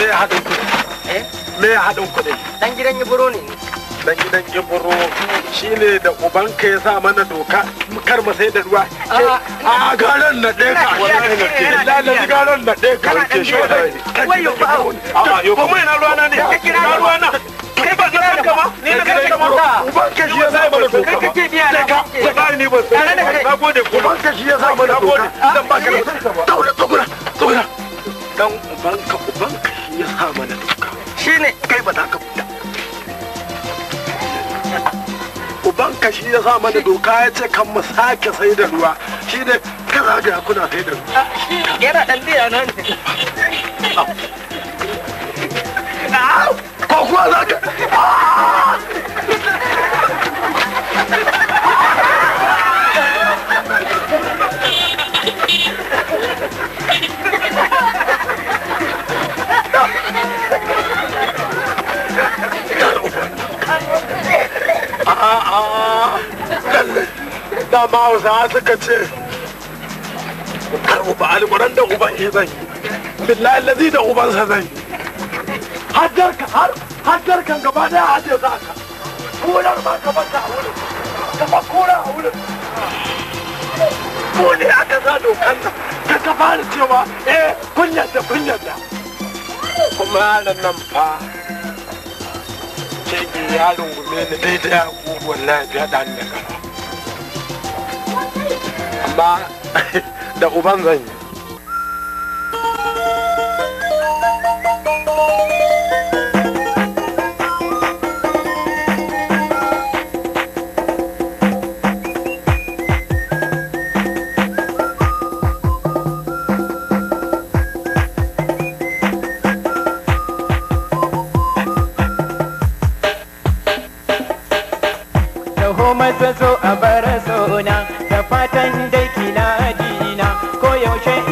me ya haɗin kuɗi eh? me ya haɗin kuɗi dan gidan ibro ne dan gidan ibro shine da ubanka ya sa mana doka kar mu sai da ruwa a garan na ɗaya ka wallahi na na ɗaya ka ke shi wallahi wayo ba a yo kuma ina ruwa na ne ina ruwa na kai ba na ka ma ni na ka ma ubanka shi ya sa mana doka kai kake biya na ka wallahi ni ba na gode ubanka shi ya sa mana doka dan ba ka da tsogura tsogura dan ubanka ubanka shi ya sa mana duka shi ne kai ba za ka fita ubanka shi ya sa mana doka ya ce kan mu sake sai da ruwa shi ne ka ga kuna sai da ruwa yana dan biya nan ne ko kuwa za ka da ma hausa suka ce uba alƙuran da uban shi zai billahi lazi da ubansa zai haddar ka har haddar kan gaba daya haddar za ka kurar ma ka banta a wurin ka kura a wurin mu ne aka sa dokan nan ka ta fara cewa eh kunyar da kunyar da kuma yaron nan fa ke yaro gume ni daidai wallahi bai haɗa ni da kara amma da uban zan yi dai kina ji na ko yaushe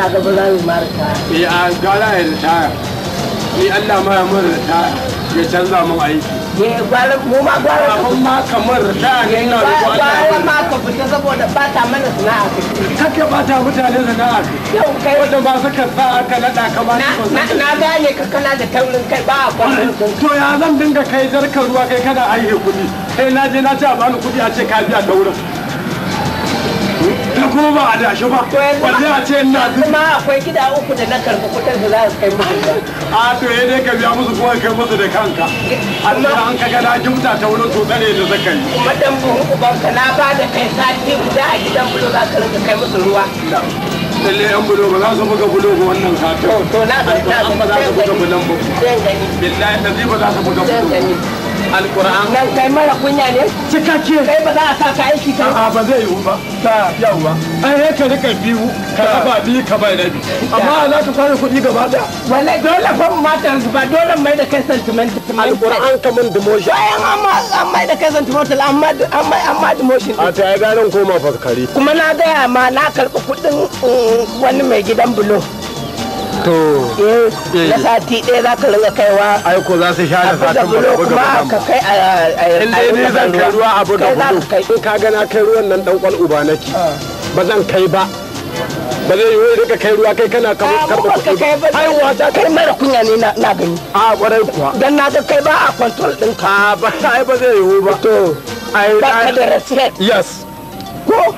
ina ga ba za mu ma eh a gara ya ritaya ni Allah ma ya mun ritaya ya canza mun aiki eh gwara mu ma gwara ma kamar ritaya ne ina da ma ka fita saboda ba ta mana sana'a kake ba ta mutane sana'a yau kai wanda ba suka sa aka nada ka ba na na gane ka kana da taurin kai ba a kwanan to ya zan dinga kai zarkar ruwa kai kana aihe kuɗi kai na je na ce a bani kuɗi a ce ka biya a wurin kuma ba a dashi ba wanda a ce ina duk kuma akwai gida uku da na karɓi kuɗin da za su kai musu a to ya dai ka biya musu kuma kai musu da kanka Allah an ka gada jimta ta wurin to tsare da zaka yi kuma dan buhu banka na ba da kai sati guda a gidan bulo za ka rinka kai musu ruwa lalle yan bulo ba za su buga bulo ba wannan satin to na ba za su buga bulo ba billahi da ba za su buga bulo alkur'an nan kai mara kunya ne cikakke kai ba za a sa ka aiki kai a ba zai yiwu ba ta yawa ai sai ka rika biyu ka raba biyu ka bai rabi amma ala ka fara kuɗi gaba da wallahi dole fa matar ba dole mai da kai sentiment alkur'an ka mun demotion bayan amma an da kai sentiment amma amma amma a ta ya garin koma fakari kuma na gaya ma na karɓi kuɗin mm, wani mai gidan bulo to eh, eh. na sati ɗaya za ka ringa kaiwa aiko za su share satin bulo kuma ka kai a in dai ni zan kai ruwa abu da bulo in ka gana kai ruwan nan dan kwal uba nake ah. ba zan kai ba ba zai yiwu rika kai ruwa kai kana kamar ah, karɓa kuɗi ba haihuwa ta kai mara kunya ne na gani a kwarai kuwa dan na ga kai ba a control ɗinka a ba ai ba zai yi ba to ai ba ka da respect yes ko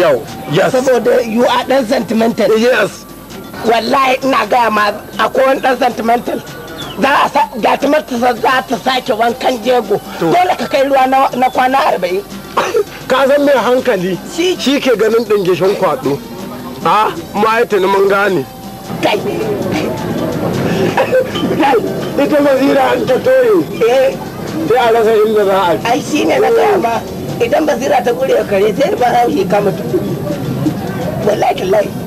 yau yes saboda you are dan sentimental yes wallahi ina gaya ma akwai wani dan sentimental za a gatimarta za ta sake wankan jego dole ka kai ruwa na kwana arba'in ka san mai hankali shi ke ganin ɗingishin kwaɗo a tuni mun gane kai ita basira an ta toye eh. sai a rasa inda za a ai shi ne na gaya ma idan basira ta gure kare sai ba haushi kama tukuri wallahi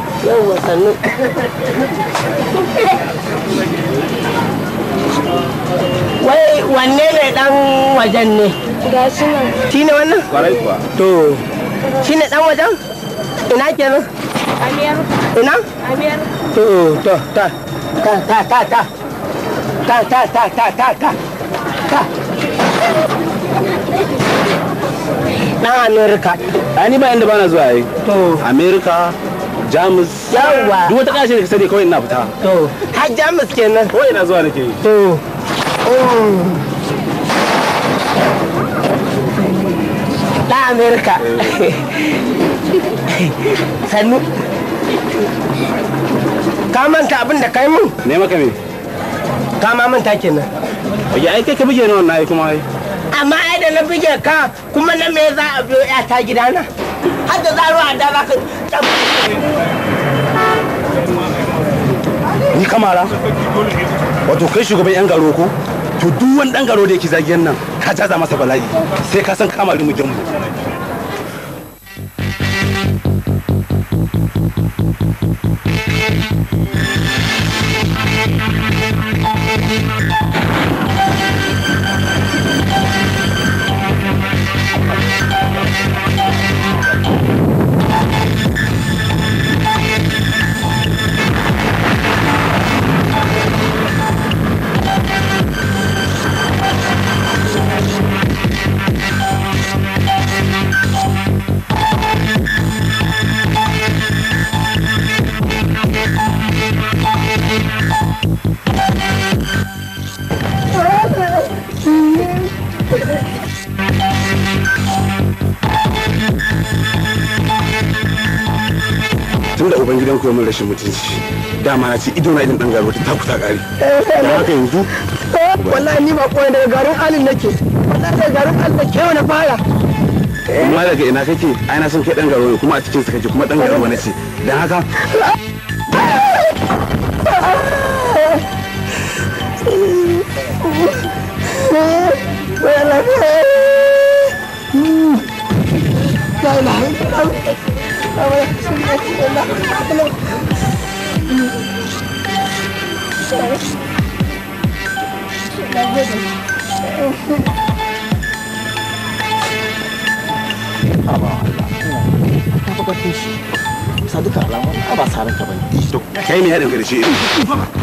wai wanne ne dan wajen ne ga shi nan shi ne wannan to shi ne dan wajen ina kenan amiyar ina amiyar to to ta ta ta ta ta ta ta ta ta ta ta ta na amerika ani ba inda bana zuwa yi to amerika jamus yawa duk wata kashi da ka sani kawai ina fita to ha jamus kenan ko ina zuwa nake yi to ta oh. amerika sannu ka manta abin da kai mun ne maka me ka ma manta kenan ai ai kai ka bige ni wannan ai kuma ai amma ai da na bige ka kuma na me za a biyo ya ta gidana har da a da za ka ni kamara wato kai shugaban yan garo ko to duk wani dan garo da yake zagiyan nan ka jaza masa bala'i sai ka san kama mu domin rashin mutunci dama na ce ido na idan dan garo ta kare da haka yanzu eh, wallahi ni ba koyan daga garin alin nake wallahi daga garin alin da kewa na fara eh, amma daga ina kake ai na son kai dan garo kuma a cikin su kake kuma dan garo ne ce dan haka Well, I Apa a p a kau t u s a t u kalah, apa saran kau ini? Kau n i ada kerja.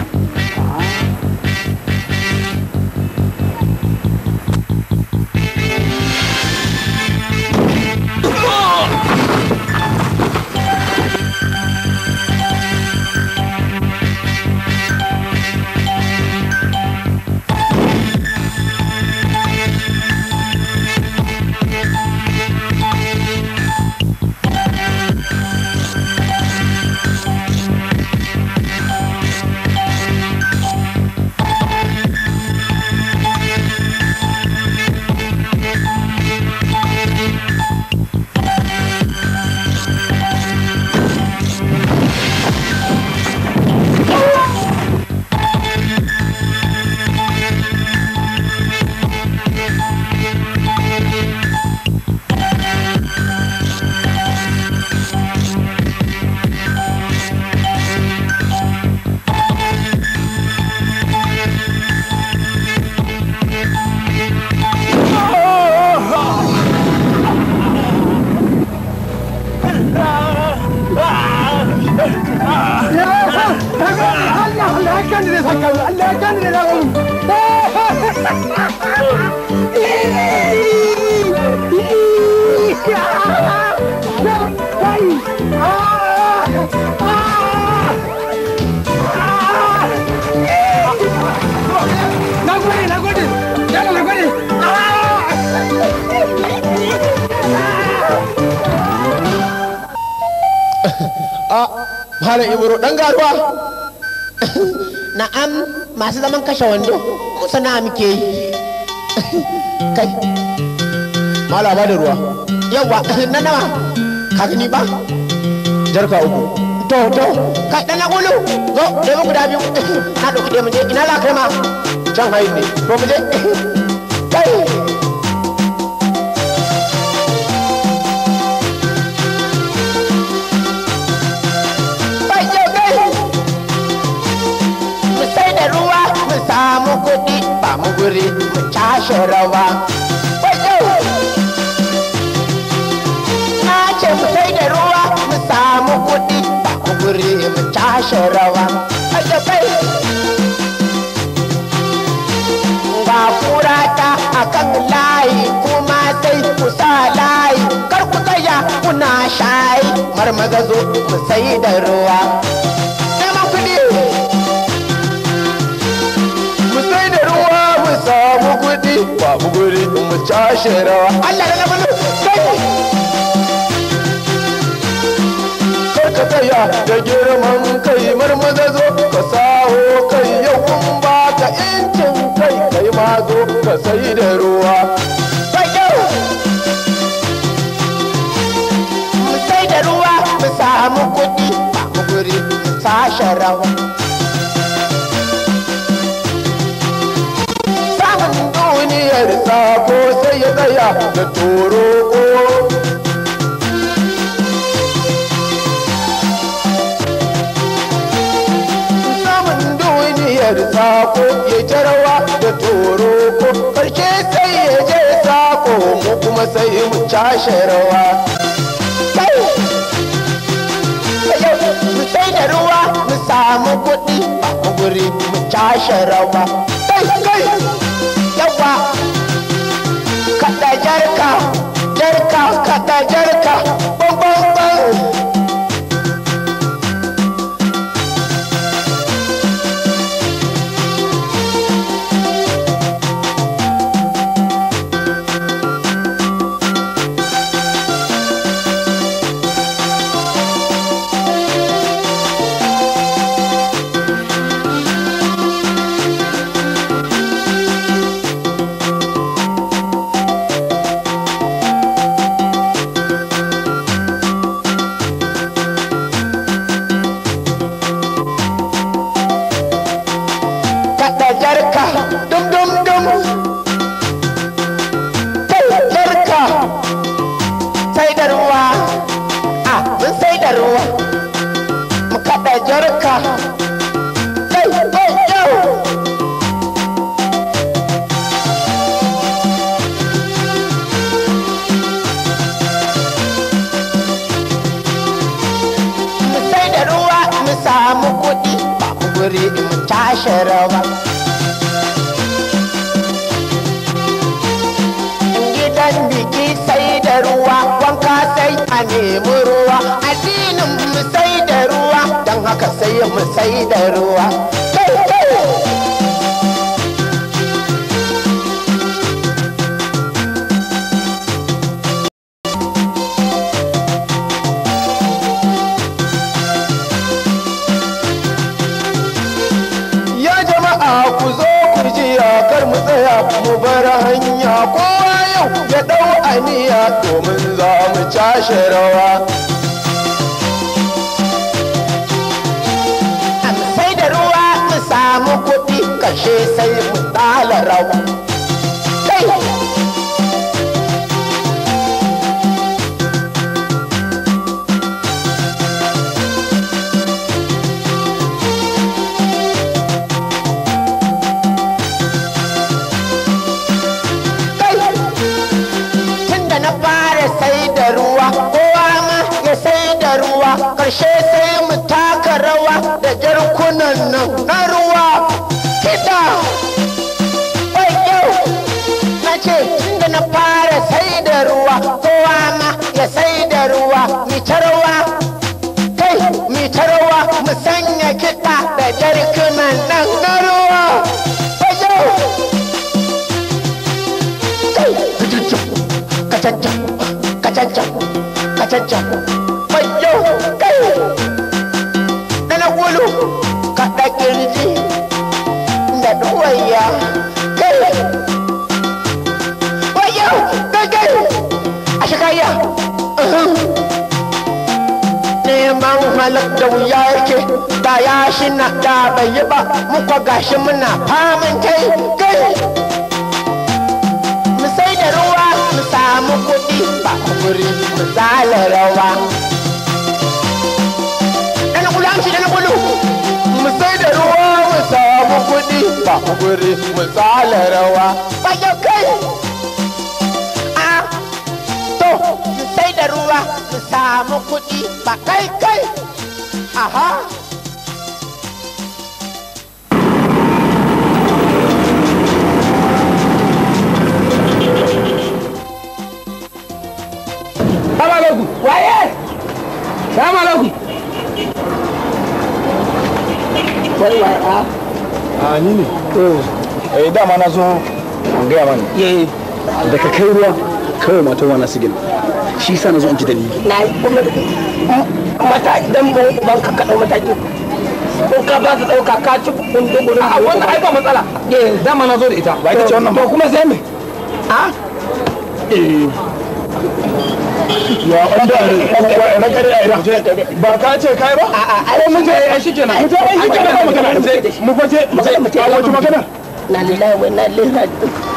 kashe wando mu na muke yi kai malaba da ruwa yawa na nawa ka gani ba jarka uku to to kai dana gulu zo da mu guda biyu na dauki da mu je ina la kai ma can hayi ne to mu je kai su cashe rawa ce mu sai da ruwa mu samu kuɗi ba ku guri mu cashe rawa ba kura ta kan layi kuma sai ku sa layi kar ku tsaya kuna shayi marmagazo mu sai da ruwa babu guri mu cashe rawa Allah da labarin kai karka tsaya da girman kai marmaza zo ka saho kai yau kun ba ka incin kai kai ma zo ka sai da ruwa mu sai da ruwa mu samu kuɗi babu guri mu cashe rawa tsaya da toro ko samun duniyar sako ya jarawa da toro karshe sai ya je sako mu kuma sai mu cashe rawa da ruwa mu samu kuɗi a guri mu cashe rawa jiki sai da ruwa wanka sai a nemi ruwa addinin mu sai da ruwa don haka sai mu sai da ruwa domin za mu cashe rawa sai da ruwa mu samu kuɗi kashe sai mu tala rawa ka fara sai da ruwa kowa ma ya sai da ruwa mitarwa kai mitarwa mu sanya kiɗa da jarkunan nan garuwa Kacacau, kacacau, kacacau, bayo, kai, na na wulu, kaɗa ƙirji, da ɗuwayya. malak da wuya yake da ya shi na da bai yi ba muka gashi muna faman kai kai mu sai da ruwa mu samu kuɗi ba kuri mu zala rawa dan kulu shi dan kulu mu sai da ruwa mu samu kuɗi ba kuri mu zala rawa ba yau kai mu sai da ruwa mu samu kuɗi ba kai kai Aha! Salamu Waye? Ah. a? A eh, dama na zo an gaya mani. Eh. Daga kai ruwa kawai matar wana sigil. Shi sa na zo an ji dalili. Na yi kuma da kai. Ah. mataki dan ban uban ka kaɗau mataki ko ka ba ta ɗauka ka ci kundin gudun a wannan ai ba matsala eh dama na zo da ita ba ita wannan ba kuma sai me a ah? eh ya wanda ranka da ira ba ka ce kai ba a a mun je ai shi kenan mu je ai shi kenan mu je mu je mu je mu je mu je mu je mu je mu